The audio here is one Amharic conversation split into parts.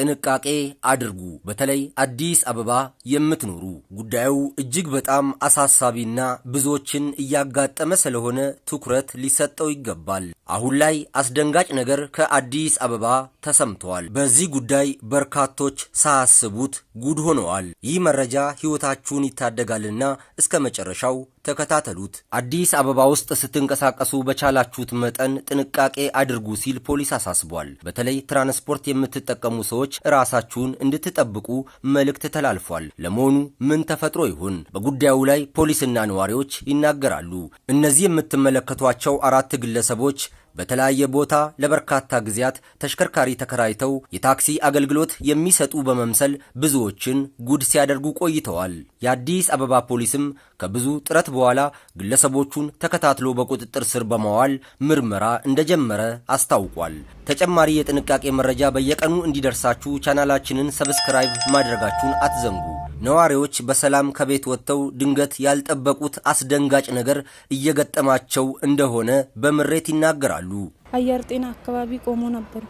ጥንቃቄ አድርጉ። በተለይ አዲስ አበባ የምትኖሩ ጉዳዩ እጅግ በጣም አሳሳቢና ብዙዎችን እያጋጠመ ስለሆነ ትኩረት ሊሰጠው ይገባል። አሁን ላይ አስደንጋጭ ነገር ከአዲስ አበባ ተሰምተዋል። በዚህ ጉዳይ በርካቶች ሳያስቡት ጉድ ሆነዋል። ይህ መረጃ ሕይወታችሁን ይታደጋልና እስከ መጨረሻው ተከታተሉት። አዲስ አበባ ውስጥ ስትንቀሳቀሱ በቻላችሁት መጠን ጥንቃቄ አድርጉ ሲል ፖሊስ አሳስቧል። በተለይ ትራንስፖርት የምትጠቀሙ ሰዎች ራሳችሁን እንድትጠብቁ መልእክት ተላልፏል። ለመሆኑ ምን ተፈጥሮ ይሆን? በጉዳዩ ላይ ፖሊስና ነዋሪዎች ይናገራሉ። እነዚህ የምትመለከቷቸው አራት ግለሰቦች በተለያየ ቦታ ለበርካታ ጊዜያት ተሽከርካሪ ተከራይተው የታክሲ አገልግሎት የሚሰጡ በመምሰል ብዙዎችን ጉድ ሲያደርጉ ቆይተዋል። የአዲስ አበባ ፖሊስም ከብዙ ጥረት በኋላ ግለሰቦቹን ተከታትሎ በቁጥጥር ስር በማዋል ምርመራ እንደጀመረ አስታውቋል። ተጨማሪ የጥንቃቄ መረጃ በየቀኑ እንዲደርሳችሁ ቻናላችንን ሰብስክራይብ ማድረጋችሁን አትዘንጉ። ነዋሪዎች በሰላም ከቤት ወጥተው ድንገት ያልጠበቁት አስደንጋጭ ነገር እየገጠማቸው እንደሆነ በምሬት ይናገራሉ። አየር ጤና አካባቢ ቆሞ ነበር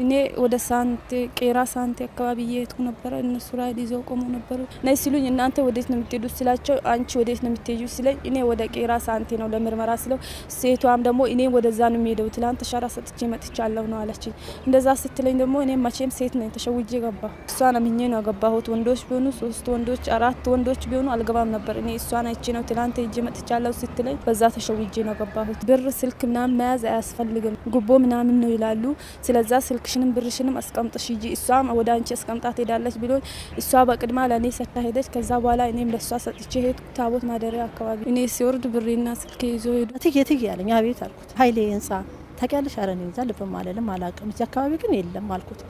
እኔ ወደ ሳንቴ ቄራ ሳንቴ አካባቢ እየሄድኩ ነበረ። እነሱ ራይድ ይዘው ቆሙ ነበሩ። ነይ ሲሉኝ እናንተ ወዴት ነው የምትሄዱ ስላቸው አንቺ ወዴት ነው የምትሄዱ ስለኝ፣ እኔ ወደ ቄራ ሳንቴ ነው ለምርመራ ስለው፣ ሴቷም ደግሞ እኔ ወደዛ ነው የሚሄደው ትላንት ሻራ ሰጥቼ መጥቻለሁ ነው አለችኝ። እንደዛ ስትለኝ ደግሞ እኔ መቼም ሴት ነኝ ተሸውጄ ገባ። እሷን አምኜ ነው ያገባሁት። ወንዶች ቢሆኑ ሶስት ወንዶች አራት ወንዶች ቢሆኑ አልገባም ነበር። እኔ እሷን አይቼ ነው ትላንት ሄጄ መጥቻለሁ ስትለኝ፣ በዛ ተሸውጄ ነው ገባሁት። ብር ስልክ ምናምን መያዝ አያስፈልግም ጉቦ ምናምን ነው ይላሉ። ስለዛ ስልክ ስልክሽንም ብርሽንም አስቀምጥሽ ሂጂ፣ እሷም ወደ አንቺ አስቀምጣ ትሄዳለች ብሎኝ እሷ በቅድማ ለእኔ ሰታ ሄደች። ከዛ በኋላ እኔም ለእሷ ሰጥቼ ሄድኩ። ታቦት ማደሪያ አካባቢ እኔ ሲወርድ ብሬና ስልክ ይዞ ሄዱ። እትዬ እትዬ ያለኝ አቤት አልኩት። ሀይሌ ህንጻ ታውቂያለሽ? አረ እኔ እንጃ ልብም አለልም አላውቅም። እዚህ አካባቢ ግን የለም አልኩት።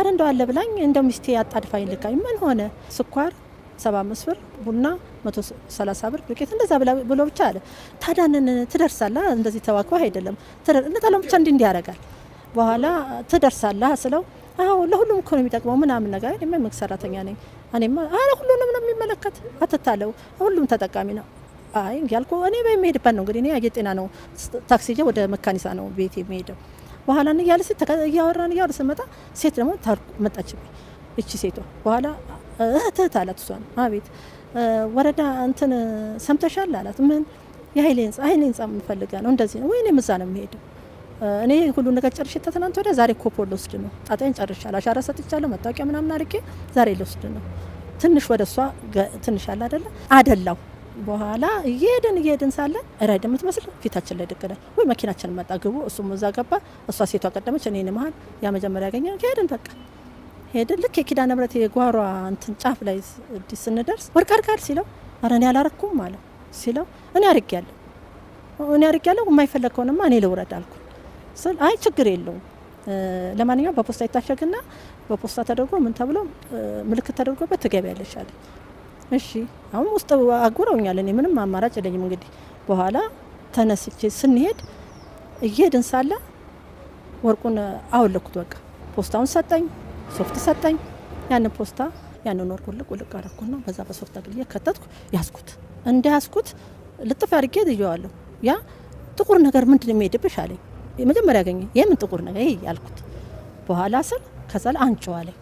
አረ እንደው አለ ብላኝ እንደ ሚስቴ አጣድፋኝ ልካኝ ምን ሆነ ስኳር ሰባ አምስት ብር ቡና መቶ ሰላሳ ብር ዱቄት እንደዛ ብሎ ብቻ አለ። ታዳንን ትደርሳላ እንደዚህ ተዋክባ አይደለም እና ታለም ብቻ እንዲህ እንዲህ ያደርጋል። በኋላ ትደርሳለህ ስለው አዎ ለሁሉም እኮ ነው የሚጠቅመው ምናምን ነገር። እኔማ የመንግስት ሰራተኛ ነኝ። እኔማ አረ ሁሉንም ነው የሚመለከት፣ አትታለው፣ ሁሉም ተጠቃሚ ነው። አይ ያልኩ እኔ በሚሄድበት ነው እንግዲህ እኔ አየ ጤና ነው ታክሲ ጀ ወደ መካኒሳ ነው ቤት የሚሄደው። በኋላ እያለ ሴት እያወራን እያወር ስመጣ ሴት ደግሞ መጣችብኝ። እቺ ሴቶ በኋላ እህትህት አላት። እሷን አቤት ወረዳ እንትን ሰምተሻል አላት። ምን የሀይሌ ህንጻ ሀይሌ ህንጻ የምንፈልጋ ነው እንደዚህ ነው ወይኔ ምዛ ነው የሚሄደው እኔ ሁሉ ነገር ጨርሼ ተትናንት ወዲያ ዛሬ ኮፖል ልወስድ ነው። ጣጣዬን ጨርሻለሁ፣ አሻራ ሰጥቻለሁ፣ መታወቂያ ምናምን አድርጌ ዛሬ ልወስድ ነው። ትንሽ ወደ እሷ ትንሽ አለ አደለ አደላው። በኋላ እየሄድን እየሄድን ሳለ ራይድ የምትመስል ፊታችን ላይ ድቅናል ወይ መኪናችን መጣ፣ ግቡ። እሱም እዛ ገባ፣ እሷ ሴቷ ቀደመች፣ እኔን መሀል ያ መጀመሪያ ያገኘ ሄድን። በቃ ሄድን። ልክ የኪዳነ ምሕረት የጓሯ እንትን ጫፍ ላይ ስንደርስ ወርቅ አድርጋል ሲለው ኧረ እኔ አላረኩም አለው። ሲለው እኔ አርግ ያለሁ እኔ አርግ ያለሁ የማይፈለግ ከሆነማ እኔ ልውረድ አልኩ። ስል አይ ችግር የለውም ለማንኛውም በፖስታ ይታሸግና በፖስታ ተደርጎ ምን ተብሎ ምልክት ተደርጎበት ትገቢያለሽ አለ። እሺ አሁን ውስጥ አጉረውኛል። እኔ ምንም አማራጭ የለኝም። እንግዲህ በኋላ ተነስቼ ስንሄድ እየሄድን ሳለ ወርቁን አወለኩት። በቃ ፖስታውን ሰጠኝ፣ ሶፍት ሰጠኝ። ያንን ፖስታ ያንን ወርቅ ውልቅ ውልቅ አረኩና በዛ በሶፍት አግልዬ ከተትኩ፣ ያዝኩት። እንደ ያዝኩት ልጥፍ አድርጌ ይዤዋለሁ። ያ ጥቁር ነገር ምንድን የሚሄድብሽ አለኝ። የመጀመሪያ ያገኘ የምን ጥቁር ነገር ይሄ ያልኩት በኋላ ስል ከዛል ላይ አንቺው አለኝ።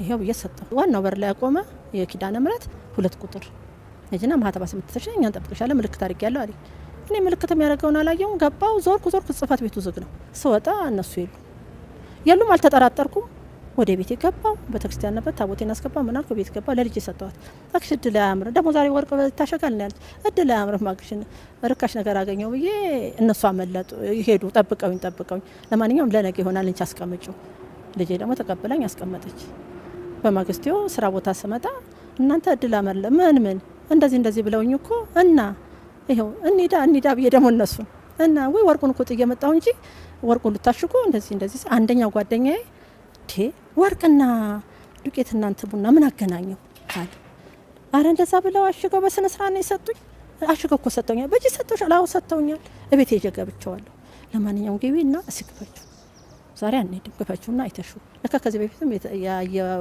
ይሄው ብዬ ዋናው በር ላይ ያቆመ የኪዳነ ምሕረት ሁለት ቁጥር ነጅና ማህተባ ስምትተሽ እኛ እንጠብቅሻለን ምልክት ያለው አለኝ። እኔ ምልክት የሚያደርገውን አላየሁም። ገባው ዞርኩ ዞርኩ፣ ጽህፈት ቤቱ ዝግ ነው። ስወጣ እነሱ የሉ የሉም። አልተጠራጠርኩም። ወደ ቤት የገባ ቤተክርስቲያን ነበር። ታቦቴን አስገባ ምን አልኩ ቤት ገባ ለልጅ ሰጥተዋት አክሽ እድል አያምር ደግሞ ዛሬ ወርቅ ታሸጋል ያለች እድል አያምር ማክሽን ርካሽ ነገር አገኘው ብዬ እነሱ አመለጡ ይሄዱ ጠብቀውኝ ጠብቀውኝ ለማንኛውም ለነገ ይሆናል እንቺ አስቀምጪው። ልጄ ደግሞ ተቀብላኝ አስቀመጠች። በማግስቴው ስራ ቦታ ስመጣ እናንተ እድል አመለ ምን ምን እንደዚህ እንደዚህ ብለውኝ እኮ እና ይኸው እኒዳ እኒዳ ብዬ ደግሞ እነሱን እና ወይ ወርቁን እኮ ጥዬ መጣሁ እንጂ ወርቁን ልታሽጉ እንደዚህ እንደዚህ አንደኛው ጓደኛዬ ወርቅና ዱቄት እናንተ ቡና ምን አገናኘው አለ። አረ እንደዛ ብለው አሽገው በስነ ስርዓት ነው የሰጡኝ። አሽገው እኮ ሰጥተውኛል፣ በእጅ ሰጥተውሻል? አዎ ሰጥተውኛል። እቤት ሄጄ ገብቼዋለሁ። ለማንኛውም ግቢ እና እስክፈችው ዛሬ አንሄድም፣ ግፈችውና አይተሹ ለካ ከዚህ በፊትም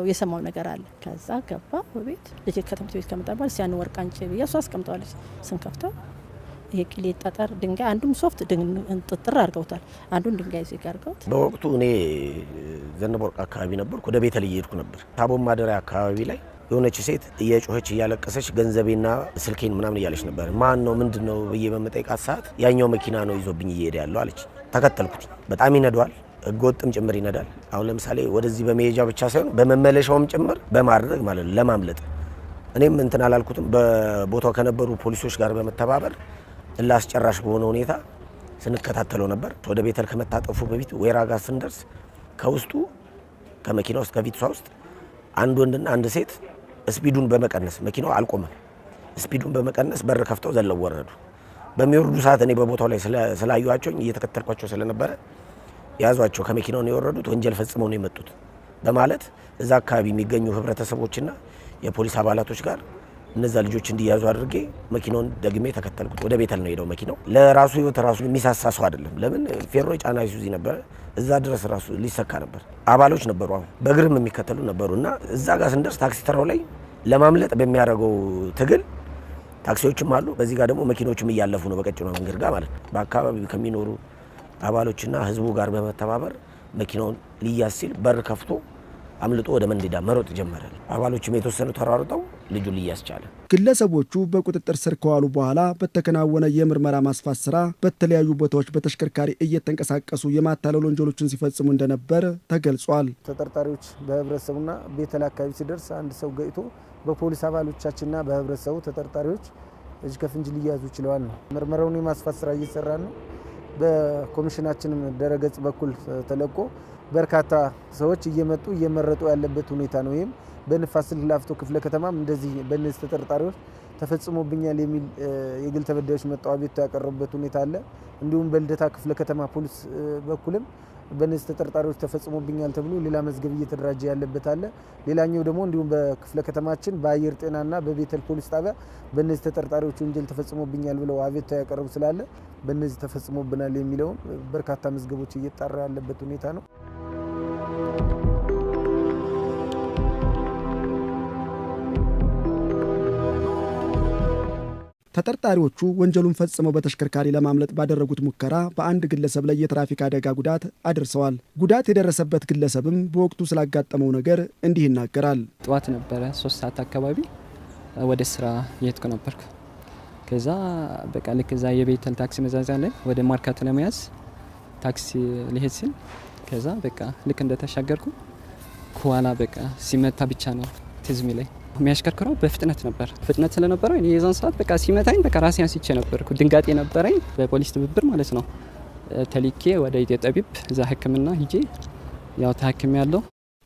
የሰማው ነገር አለ። ከዛ ገባ ቤት ልጅ ከትምህርት ቤት ከመጣ በኋላ ሲያን ወርቅ አንቺ ብዬ እሷ አስቀምጠዋለች ስንከፍተው የቅሌ ጠጠር ድንጋይ አንዱም ሶፍት ጥጥር አድርገውታል፣ አንዱን ድንጋይ ዜጋ አድርገውት። በወቅቱ እኔ ዘነበ አካባቢ ነበርኩ፣ ወደ ቤተል እየሄድኩ ነበር። ታቦን ማደሪያ አካባቢ ላይ የሆነች ሴት እየጮኸች እያለቀሰች ገንዘቤና ስልኬን ምናምን እያለች ነበር። ማን ነው ምንድን ነው ብዬ በመጠይቃት ሰዓት ያኛው መኪና ነው ይዞብኝ እየሄደ ያለው አለች። ተከተልኩት። በጣም ይነዷል፣ ህገወጥም ጭምር ይነዳል። አሁን ለምሳሌ ወደዚህ በመሄጃ ብቻ ሳይሆን በመመለሻውም ጭምር በማድረግ ማለት ነው ለማምለጥ እኔም እንትን አላልኩትም። በቦታው ከነበሩ ፖሊሶች ጋር በመተባበር አስጨራሽ በሆነ ሁኔታ ስንከታተለው ነበር። ወደ ቤተል ከመታጠፉ በፊት ወይራ ጋር ስንደርስ ከውስጡ ከመኪና ውስጥ ከቪትሷ ውስጥ አንድ ወንድና አንድ ሴት ስፒዱን በመቀነስ መኪናው አልቆመም። ስፒዱን በመቀነስ በር ከፍተው ዘለው ወረዱ። በሚወርዱ ሰዓት እኔ በቦታው ላይ ስላዩዋቸው እየተከተልኳቸው ስለነበረ ያዟቸው፣ ከመኪናው ነው የወረዱት፣ ወንጀል ፈጽመው ነው የመጡት በማለት እዛ አካባቢ የሚገኙ ህብረተሰቦችና የፖሊስ አባላቶች ጋር እነዛ ልጆች እንዲያዙ አድርጌ መኪናውን ደግሜ ተከተልኩት። ወደ ቤተል ነው ሄደው መኪናው ለራሱ ህይወት ራሱ የሚሳሳ ሰው አይደለም። ለምን ፌሮ ጫና ይሱዚ ነበረ። እዛ ድረስ ራሱ ሊሰካ ነበር። አባሎች ነበሩ፣ አሁን በእግርም የሚከተሉ ነበሩ። እና እዛ ጋር ስንደርስ ታክሲ ተራው ላይ ለማምለጥ በሚያደርገው ትግል ታክሲዎችም አሉ፣ በዚህ ጋር ደግሞ መኪኖችም እያለፉ ነው፣ በቀጭኗ መንገድ ጋር ማለት ነው። በአካባቢው ከሚኖሩ አባሎችና ህዝቡ ጋር በመተባበር መኪናውን ሊያዝ ሲል በር ከፍቶ አምልጦ ወደ መንዲዳ መሮጥ ጀመረ። አባሎችም የተወሰኑ ተሯሩጠው ልጁ ልያስቻለ። ግለሰቦቹ በቁጥጥር ስር ከዋሉ በኋላ በተከናወነ የምርመራ ማስፋት ስራ በተለያዩ ቦታዎች በተሽከርካሪ እየተንቀሳቀሱ የማታለል ወንጀሎችን ሲፈጽሙ እንደነበር ተገልጿል። ተጠርጣሪዎች በህብረተሰቡና ቤተል አካባቢ ሲደርስ አንድ ሰው ገይቶ በፖሊስ አባሎቻችንና በህብረተሰቡ ተጠርጣሪዎች እጅ ከፍንጅ ሊያዙ ችለዋል ነው። ምርመራውን የማስፋት ስራ እየሰራ ነው። በኮሚሽናችንም ደረገጽ በኩል ተለቆ በርካታ ሰዎች እየመጡ እየመረጡ ያለበት ሁኔታ ነው። ይህም በንፋስ ስልክ ላፍቶ ክፍለ ከተማም እንደዚህ በእነዚህ ተጠርጣሪዎች ተፈጽሞብኛል የሚል የግል ተበዳዮች መጥተው አቤቱታ ያቀረቡበት ሁኔታ አለ። እንዲሁም በልደታ ክፍለ ከተማ ፖሊስ በኩልም በነዚህ ተጠርጣሪዎች ተፈጽሞብኛል ተብሎ ሌላ መዝገብ እየተደራጀ ያለበት አለ። ሌላኛው ደግሞ እንዲሁም በክፍለ ከተማችን በአየር ጤናና በቤተል ፖሊስ ጣቢያ በነዚህ ተጠርጣሪዎች ወንጀል ተፈጽሞብኛል ብለው አቤቱታ ያቀረቡ ስላለ በነዚህ ተፈጽሞብናል የሚለውን በርካታ መዝገቦች እየጣራ ያለበት ሁኔታ ነው። ተጠርጣሪዎቹ ወንጀሉን ፈጽመው በተሽከርካሪ ለማምለጥ ባደረጉት ሙከራ በአንድ ግለሰብ ላይ የትራፊክ አደጋ ጉዳት አድርሰዋል። ጉዳት የደረሰበት ግለሰብም በወቅቱ ስላጋጠመው ነገር እንዲህ ይናገራል። ጠዋት ነበረ ሶስት ሰዓት አካባቢ ወደ ስራ የሄድኩ ነበርኩ። ከዛ በቃ ልክ እዛ የቤተል ታክሲ መዛዛ ላይ ወደ ማርካት ለመያዝ ታክሲ ሊሄድ ሲል ከዛ በቃ ልክ እንደተሻገርኩ ከኋላ በቃ ሲመታ ብቻ ነው ትዝሚ ላይ የሚያሽከርክረው በፍጥነት ነበር። ፍጥነት ስለነበረው የዛን ሰዓት በቃ ሲመታኝ በቃ ራሴ አንስቼ ነበርኩ። ድንጋጤ ነበረኝ። በፖሊስ ትብብር ማለት ነው ተሊኬ ወደ ኢጤጠቢብ እዛ ህክምና ሂጄ ያው ታክም ያለው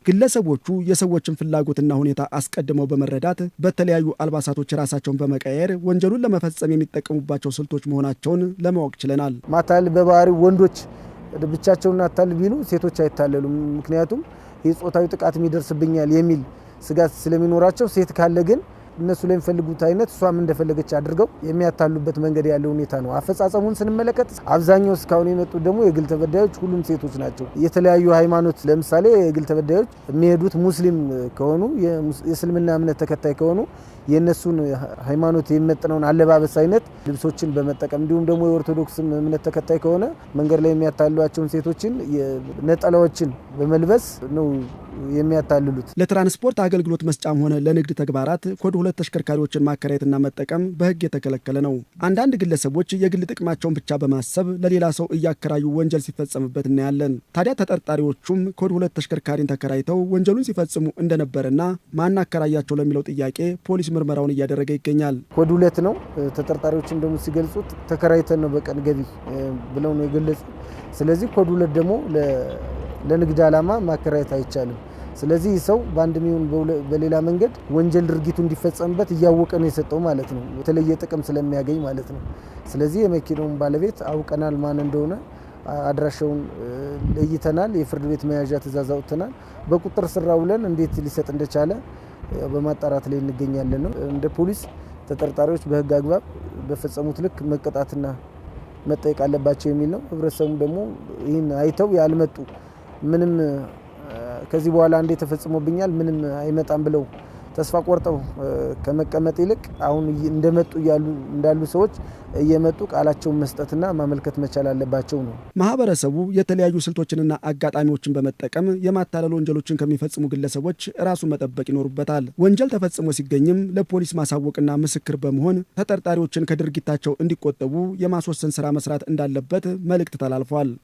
ግለሰቦቹ የሰዎችን ፍላጎትና ሁኔታ አስቀድመው በመረዳት በተለያዩ አልባሳቶች ራሳቸውን በመቀየር ወንጀሉን ለመፈጸም የሚጠቀሙባቸው ስልቶች መሆናቸውን ለማወቅ ችለናል። ማታል በባህሪ ወንዶች ብቻቸውን አታልል ቢሉ ሴቶች አይታለሉም። ምክንያቱም የጾታዊ ጥቃት ይደርስብኛል የሚል ስጋት ስለሚኖራቸው፣ ሴት ካለ ግን እነሱ ለሚፈልጉት አይነት እሷም እንደፈለገች አድርገው የሚያታሉበት መንገድ ያለ ሁኔታ ነው። አፈጻጸሙን ስንመለከት አብዛኛው እስካሁን የመጡት ደግሞ የግል ተበዳዮች ሁሉም ሴቶች ናቸው። የተለያዩ ሃይማኖት፣ ለምሳሌ የግል ተበዳዮች የሚሄዱት ሙስሊም ከሆኑ የእስልምና እምነት ተከታይ ከሆኑ የእነሱን ሃይማኖት የሚመጥነውን አለባበስ አይነት ልብሶችን በመጠቀም እንዲሁም ደግሞ የኦርቶዶክስ እምነት ተከታይ ከሆነ መንገድ ላይ የሚያታልሏቸውን ሴቶችን ነጠላዎችን በመልበስ ነው የሚያታልሉት። ለትራንስፖርት አገልግሎት መስጫም ሆነ ለንግድ ተግባራት ኮድ ሁለት ተሽከርካሪዎችን ማከራየትና መጠቀም በህግ የተከለከለ ነው። አንዳንድ ግለሰቦች የግል ጥቅማቸውን ብቻ በማሰብ ለሌላ ሰው እያከራዩ ወንጀል ሲፈጸምበት እናያለን። ታዲያ ተጠርጣሪዎቹም ኮድ ሁለት ተሽከርካሪን ተከራይተው ወንጀሉን ሲፈጽሙ እንደነበረና ማን አከራያቸው ለሚለው ጥያቄ ፖሊስ ምርመራውን እያደረገ ይገኛል። ኮድ ሁለት ነው። ተጠርጣሪዎች እንደሞ ሲገልጹት ተከራይተን ነው በቀን ገቢ ብለው ነው የገለጹ። ስለዚህ ኮድ ሁለት ደግሞ ለንግድ ዓላማ ማከራየት አይቻልም። ስለዚህ ሰው በአንድ ሚሆን በሌላ መንገድ ወንጀል ድርጊቱ እንዲፈጸምበት እያወቀ ነው የሰጠው ማለት ነው። የተለየ ጥቅም ስለሚያገኝ ማለት ነው። ስለዚህ የመኪናውን ባለቤት አውቀናል ማን እንደሆነ አድራሻውን ለይተናል። የፍርድ ቤት መያዣ ትእዛዝ አውጥተናል። በቁጥር ስራ ውለን እንዴት ሊሰጥ እንደቻለ በማጣራት ላይ እንገኛለን ነው። እንደ ፖሊስ ተጠርጣሪዎች በህግ አግባብ በፈጸሙት ልክ መቀጣትና መጠየቅ አለባቸው የሚል ነው። ህብረተሰቡም ደግሞ ይህን አይተው ያልመጡ ምንም ከዚህ በኋላ እንዴ ተፈጽሞብኛል ምንም አይመጣም ብለው ተስፋ ቆርጠው ከመቀመጥ ይልቅ አሁን እንደመጡ እንዳሉ ሰዎች እየመጡ ቃላቸውን መስጠትና ማመልከት መቻል አለባቸው ነው። ማህበረሰቡ የተለያዩ ስልቶችንና አጋጣሚዎችን በመጠቀም የማታለል ወንጀሎችን ከሚፈጽሙ ግለሰቦች ራሱን መጠበቅ ይኖሩበታል። ወንጀል ተፈጽሞ ሲገኝም ለፖሊስ ማሳወቅና ምስክር በመሆን ተጠርጣሪዎችን ከድርጊታቸው እንዲቆጠቡ የማስወሰን ስራ መስራት እንዳለበት መልእክት ተላልፏል።